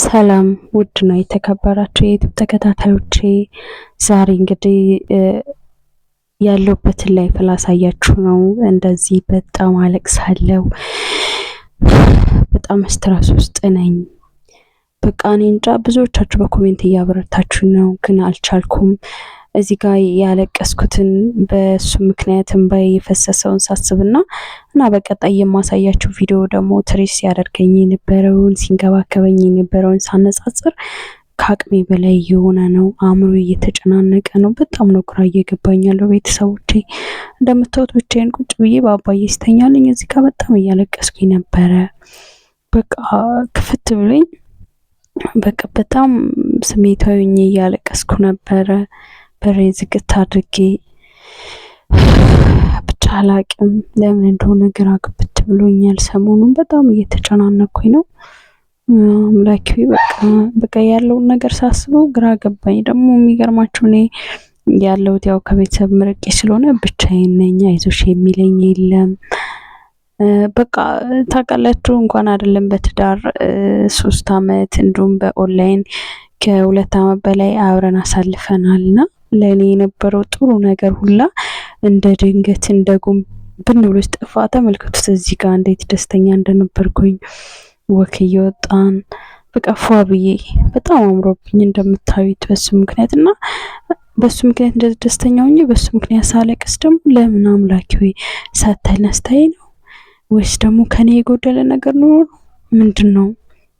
ሰላም ውድ ነው የተከበራችሁ የዩቱብ ተከታታዮቼ፣ ዛሬ እንግዲህ ያለሁበትን ላይፍ ላሳያችሁ ነው። እንደዚህ በጣም አለቅሳለሁ፣ በጣም ስትረስ ውስጥ ነኝ። በቃ እኔ እንጃ ብዙዎቻችሁ በኮሜንት እያበረታችሁ ነው፣ ግን አልቻልኩም። እዚህ ጋር ያለቀስኩትን በሱ ምክንያት እንባዬ የፈሰሰውን ሳስብና እና በቀጣይ የማሳያችሁ ቪዲዮ ደግሞ ትሬስ ሲያደርገኝ የነበረውን ሲንከባከበኝ የነበረውን ሳነጻጽር ከአቅሜ በላይ የሆነ ነው። አእምሮ እየተጨናነቀ ነው። በጣም ነው ግራ እየገባኝ ያለው ቤተሰቦቼ። እንደምታዩት ብቻዬን ቁጭ ብዬ በአባዬ ሲተኛልኝ እዚህ ጋር በጣም እያለቀስኩኝ ነበረ። በቃ ክፍት ብሎኝ በቃ በጣም ስሜታዊ እያለቀስኩ ነበረ። በሬ ዝግት አድርጌ ብቻ አላቅም። ለምን እንደሆነ ግራ ግብት ብሎኛል። ሰሞኑን በጣም እየተጨናነኩኝ ነው። አምላኪ በቃ በቃ ያለውን ነገር ሳስበው ግራ ገባኝ። ደግሞ የሚገርማችሁ እኔ ያለሁት ያው ከቤተሰብ ምርቄ ስለሆነ ብቻዬን ነኝ። አይዞሽ የሚለኝ የለም። በቃ ታውቃላችሁ፣ እንኳን አይደለም በትዳር ሶስት አመት እንዲሁም በኦንላይን ከሁለት አመት በላይ አብረን አሳልፈናል እና ለእኔ የነበረው ጥሩ ነገር ሁላ እንደ ድንገት እንደ ጉም ብን ብሎ ተመልከቱት። እዚህ ጋር እንዴት ደስተኛ እንደነበርኩኝ ወክ እየወጣን በቃ ፏ ብዬ በጣም አምሮብኝ እንደምታዩት በሱ ምክንያት እና በሱ ምክንያት እንደ ደስተኛ ሆኜ በሱ ምክንያት ሳለቅስ ደግሞ ለምን አምላኪ ወይ ሳታይን አስታይ ነው ወይስ ደግሞ ከኔ የጎደለ ነገር ኖሮ ምንድን ነው?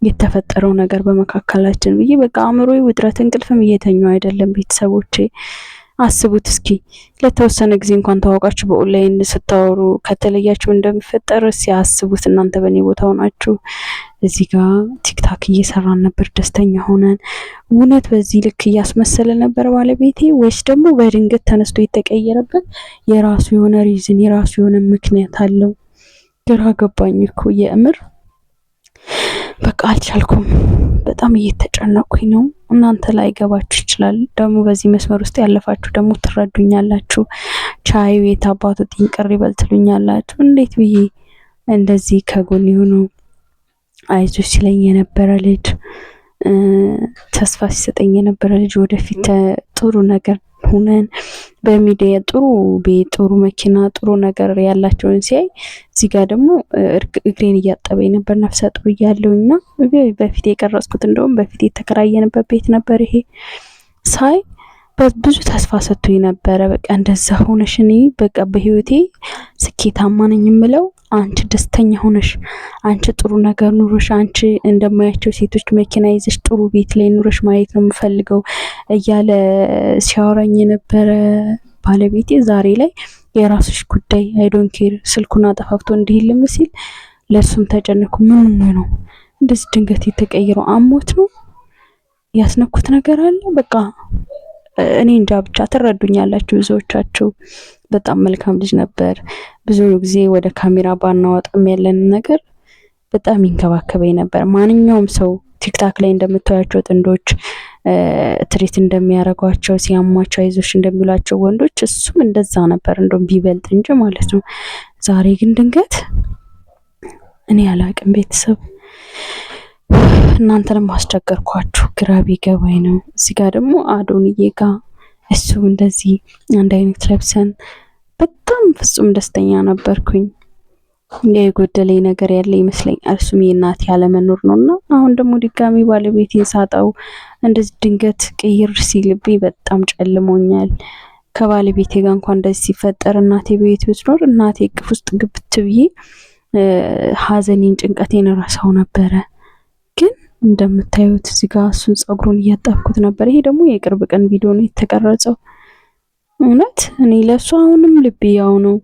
የተፈጠረው ነገር በመካከላችን ብዬ በቃ አእምሮ ውጥረት እንቅልፍም እየተኙ አይደለም። ቤተሰቦቼ አስቡት እስኪ ለተወሰነ ጊዜ እንኳን ተዋውቃችሁ በኦንላይን ስታወሩ ከተለያችሁ እንደሚፈጠር ሲያስቡት እናንተ በእኔ ቦታው ናችሁ። እዚህ ጋር ቲክታክ እየሰራን ነበር ደስተኛ ሆነን። እውነት በዚህ ልክ እያስመሰለ ነበር ባለቤቴ ወይስ ደግሞ በድንገት ተነስቶ የተቀየረበት የራሱ የሆነ ሪዝን የራሱ የሆነ ምክንያት አለው? ግራ ገባኝ እኮ የእምር በቃ አልቻልኩም። በጣም እየተጨነቅኩኝ ነው። እናንተ ላይ ገባችሁ ይችላል። ደግሞ በዚህ መስመር ውስጥ ያለፋችሁ ደግሞ ትረዱኛላችሁ። ቻዩ የት አባቱ ጥንቅር ይበል ትሉኛላችሁ። እንዴት ብዬ እንደዚህ ከጎን የሆኑ አይዞች ሲለኝ የነበረ ልጅ፣ ተስፋ ሲሰጠኝ የነበረ ልጅ ወደፊት ጥሩ ነገር ሁነን በሚዲያ ጥሩ ቤት፣ ጥሩ መኪና፣ ጥሩ ነገር ያላቸውን ሲያይ እዚህ ጋር ደግሞ እግሬን እያጠበኝ ነበር ነፍሰ ጡር እያለሁ እና በፊት የቀረጽኩት እንደውም በፊት የተከራየንበት ቤት ነበር ይሄ ሳይ ብዙ ተስፋ ሰጥቶኝ ነበረ። በቃ እንደዛ ሆነሽ እኔ በቃ በህይወቴ ስኬታማ ነኝ የምለው አንቺ ደስተኛ ሆነሽ አንቺ ጥሩ ነገር ኑሮሽ አንቺ እንደማያቸው ሴቶች መኪና ይዘሽ ጥሩ ቤት ላይ ኑሮሽ ማየት ነው የምፈልገው እያለ ሲያወራኝ የነበረ ባለቤቴ ዛሬ ላይ የራስሽ ጉዳይ አይዶን ኬር ስልኩን አጠፋፍቶ እንዲህልም ሲል ለእሱም ተጨነኩ። ምን ነው እንደዚህ ድንገት የተቀየረው? አሞት ነው ያስነኩት ነገር አለ። በቃ እኔ እንጃ ብቻ ትረዱኛላችሁ ብዙዎቻችሁ በጣም መልካም ልጅ ነበር። ብዙ ጊዜ ወደ ካሜራ ባናወጣም ያለን ነገር በጣም ይንከባከበኝ ነበር። ማንኛውም ሰው ቲክታክ ላይ እንደምታያቸው ጥንዶች ትሪት እንደሚያደርጓቸው ሲያሟቸው አይዞሽ እንደሚሏቸው ወንዶች እሱም እንደዛ ነበር፣ እንደውም ቢበልጥ እንጂ ማለት ነው። ዛሬ ግን ድንገት እኔ ያላቅም ቤተሰብ እናንተንም አስቸገርኳችሁ። ግራ ቢገባኝ ነው። እዚህ ጋር ደግሞ አዶንዬ ጋር እሱ እንደዚህ አንድ አይነት ለብሰን በጣም ፍጹም ደስተኛ ነበርኩኝ። የጎደለኝ ነገር ያለ ይመስለኛል። እሱም የእናቴ ያለመኖር ነው እና አሁን ደግሞ ድጋሚ ባለቤቴን ሳጣው እንደዚህ ድንገት ቅይር ሲልብኝ በጣም ጨልሞኛል። ከባለቤቴ ጋር እንኳን እንደዚህ ሲፈጠር እናቴ ቤት ብትኖር እናቴ እቅፍ ውስጥ ግብት ብዬ ሀዘኔን ጭንቀቴን ረሳው ነበረ። እንደምታዩት እዚህ ጋር እሱን ፀጉሩን እያጠብኩት ነበር። ይሄ ደግሞ የቅርብ ቀን ቪዲዮ ነው የተቀረጸው። እውነት እኔ ለእሱ አሁንም ልቤ ያው ነው።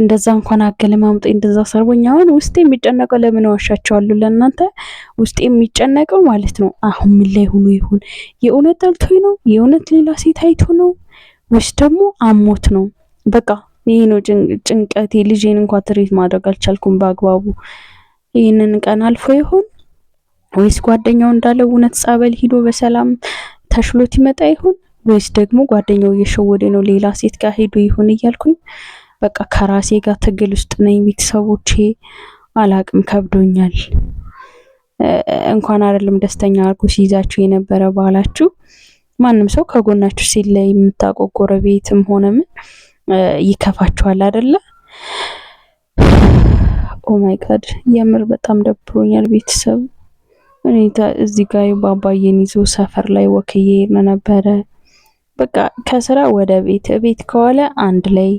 እንደዛ እንኳን አገለማምጤ እንደዛ ሰርቦኝ አሁን ውስጤ የሚጨነቀው ለምን ዋሻቸዋለሁ ለእናንተ ውስጤ የሚጨነቀው ማለት ነው። አሁን ምን ላይ ሆኖ ይሁን? የእውነት ጠልቶኝ ነው? የእውነት ሌላ ሴት አይቶ ነው ወይስ ደግሞ አሞት ነው? በቃ ይሄ ነው ጭንቀቴ። ልጄን እንኳን ትሬት ማድረግ አልቻልኩም በአግባቡ። ይህንን ቀን አልፎ ይሆን ወይስ ጓደኛው እንዳለው እውነት ጸበል ሂዶ በሰላም ተሽሎት ይመጣ ይሆን? ወይስ ደግሞ ጓደኛው እየሸወደ ነው ሌላ ሴት ጋር ሄዶ ይሆን እያልኩኝ በቃ ከራሴ ጋር ትግል ውስጥ ነኝ። ቤተሰቦቼ አላቅም፣ ከብዶኛል። እንኳን አይደለም ደስተኛ አድርጎ ሲይዛችሁ የነበረ ባላችሁ ማንም ሰው ከጎናችሁ ሲል ላይ የምታውቀው ጎረቤትም ሆነ ምን ይከፋችኋል አይደለ? ኦ ማይ ጋድ የምር በጣም ደብሮኛል ቤተሰብ ሁኔታ እዚህ ጋር ባባዬን ይዞ ሰፈር ላይ ወክ ነበረ። በቃ ከስራ ወደ ቤት ቤት ከዋለ አንድ ላይ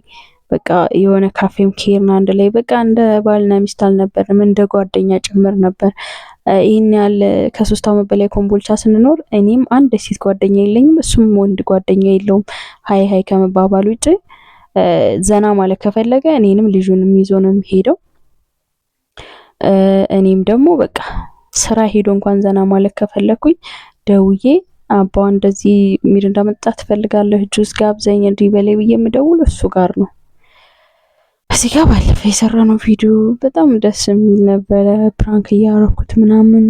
በቃ የሆነ ካፌም ከሄድን አንድ ላይ በቃ እንደ ባልና ሚስት አልነበርም፣ እንደ ጓደኛ ጭምር ነበር። ይህን ያለ ከሶስት አመት በላይ ኮምቦልቻ ስንኖር እኔም አንድ ሴት ጓደኛ የለኝም፣ እሱም ወንድ ጓደኛ የለውም። ሀይ ሀይ ከመባባል ውጭ ዘና ማለት ከፈለገ እኔንም ልጁንም ይዞ ነው የሚሄደው። እኔም ደግሞ በቃ ስራ ሄዶ እንኳን ዘና ማለት ከፈለኩኝ ደውዬ አባዋ እንደዚህ ሚድ እንዳመጣ ትፈልጋለህ፣ ጁስ ጋብዘኝ፣ እንዲህ በላይ ብዬ የምደውል እሱ ጋር ነው። እዚህ ጋር ባለፈ ነው ቪዲዮ በጣም ደስ የሚል ነበረ። ፕራንክ እያረኩት ምናምን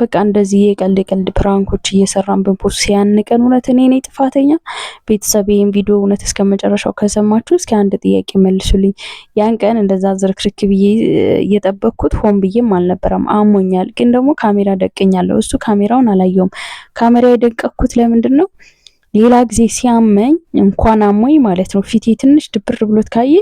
በቃ እንደዚህ የቀልድ የቀልድ ፕራንኮች እየሰራን ብንፖስ ሲያንቀን እውነት እኔ ነኝ ጥፋተኛ? ቤተሰብ ይህን ቪዲዮ እውነት እስከ መጨረሻው ከሰማችሁ እስኪ አንድ ጥያቄ መልሱልኝ። ያን ቀን እንደዛ ዝርክርክ ብዬ እየጠበቅኩት ሆን ብዬም አልነበረም፣ አሞኛል። ግን ደግሞ ካሜራ ደቀኛለሁ። እሱ ካሜራውን አላየውም። ካሜራ የደቀኩት ለምንድን ነው ሌላ ጊዜ ሲያመኝ እንኳን አሞኝ ማለት ነው ፊቴ ትንሽ ድብር ብሎት ካየ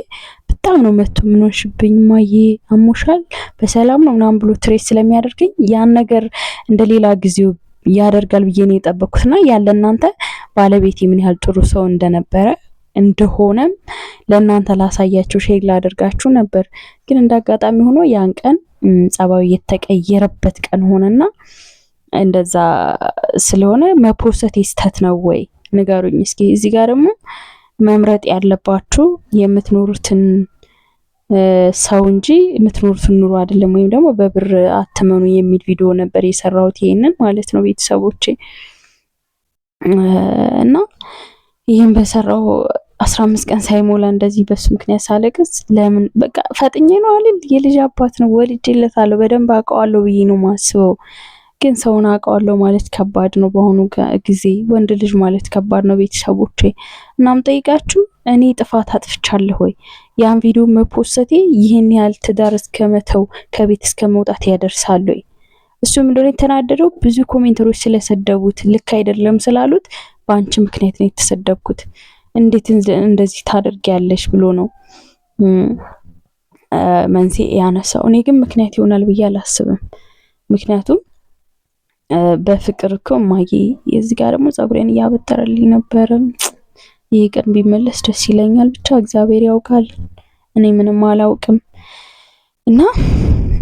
በጣም ነው መቶ ምንሽብኝ ማየ አሞሻል በሰላም ነው ምናምን ብሎ ትሬስ ስለሚያደርገኝ ያን ነገር እንደ ሌላ ጊዜው ያደርጋል ብዬ ነው የጠበቅኩትና ያለ እናንተ ባለቤቴ ምን ያህል ጥሩ ሰው እንደነበረ እንደሆነም ለእናንተ ላሳያችሁ ሼር ላደርጋችሁ ነበር። ግን እንዳጋጣሚ ሆኖ ያን ቀን ጸባዊ የተቀየረበት ቀን ሆነና እንደዛ ስለሆነ መፖሰት ይስተት ነው ወይ ንገሩኝ እስኪ። እዚህ ጋር ደግሞ መምረጥ ያለባችሁ የምትኖሩትን ሰው እንጂ የምትኖሩትን ኑሮ አይደለም፣ ወይም ደግሞ በብር አትመኑ የሚል ቪዲዮ ነበር የሰራሁት ይሄንን ማለት ነው ቤተሰቦቼ እና ይህን በሰራው አስራ አምስት ቀን ሳይሞላ እንደዚህ በሱ ምክንያት ሳለቅስ ለምን በቃ ፈጥኜ ነው አልል የልጅ አባት ነው ወልጄለታለሁ በደንብ አውቀዋለሁ ብዬ ነው ማስበው ግን ሰውን አውቀዋለሁ ማለት ከባድ ነው። በአሁኑ ጊዜ ወንድ ልጅ ማለት ከባድ ነው ቤተሰቦቼ። እናም ጠይቃችሁ እኔ ጥፋት አጥፍቻለሁ ወይ? ያን ቪዲዮ መፖሰቴ ይህን ያህል ትዳር እስከ መተው ከቤት እስከ መውጣት ያደርሳሉ ወይ? እሱ እንደሆነ የተናደደው? ብዙ ኮሜንተሮች ስለሰደቡት ልክ አይደለም ስላሉት በአንቺ ምክንያት ነው የተሰደብኩት እንዴት እንደዚህ ታደርጊያለሽ ብሎ ነው መንስኤ ያነሳው። እኔ ግን ምክንያት ይሆናል ብዬ አላስብም። ምክንያቱም በፍቅር እኮ እማዬ፣ የዚህ ጋር ደግሞ ፀጉሬን እያበጠረልኝ ነበረ። ይህ ቀን ቢመለስ ደስ ይለኛል። ብቻ እግዚአብሔር ያውቃል፣ እኔ ምንም አላውቅም። እና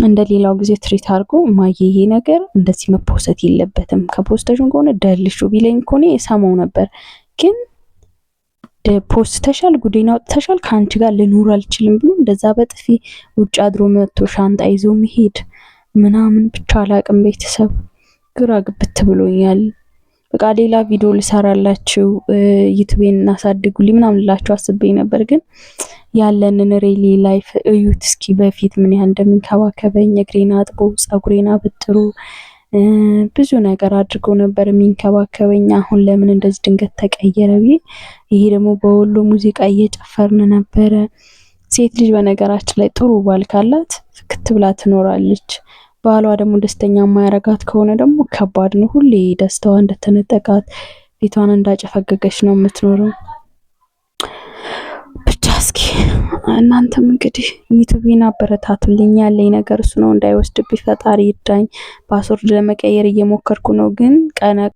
እንደ ሌላው ጊዜ ትሪት አድርጎ እማዬ፣ ይሄ ነገር እንደዚህ መፖሰት የለበትም ከፖስተሽን ከሆነ ደልሹ ቢለኝ ከሆነ የሰማው ነበር ግን ፖስተሻል ጉዴን አውጥተሻል፣ ከአንቺ ጋር ልኑር አልችልም ብሎ እንደዛ በጥፊ ውጭ አድሮ መጥቶ ሻንጣ ይዞ መሄድ ምናምን ብቻ አላቅም ቤተሰብ ግራ ግብት ብሎኛል። በቃ ሌላ ቪዲዮ ልሰራላችሁ ዩቲዩቤን እናሳድጉልኝ ምናምን ልላችሁ አስቤ ነበር፣ ግን ያለንን ሬሊ ላይፍ እዩት እስኪ። በፊት ምን ያህል እንደሚንከባከበኝ እግሬን አጥቦ ፀጉሬን አበጥሮ ብዙ ነገር አድርጎ ነበር የሚንከባከበኝ። አሁን ለምን እንደዚህ ድንገት ተቀየረ ብዬ ይሄ ደግሞ በወሎ ሙዚቃ እየጨፈርን ነበረ። ሴት ልጅ በነገራችን ላይ ጥሩ ባል ካላት ፍክት ብላ ትኖራለች። ባሏ ደግሞ ደስተኛ የማያረጋት ከሆነ ደግሞ ከባድ ነው። ሁሌ ደስታዋ እንደተነጠቃት ፊቷን እንዳጨፈገገች ነው የምትኖረው። ብቻ እስኪ እናንተም እንግዲህ ዩቱቤን አበረታቱልኝ። ያለኝ ነገር እሱ ነው። እንዳይወስድብኝ ፈጣሪ ይዳኝ። ፓስወርድ ለመቀየር እየሞከርኩ ነው፣ ግን ቀነ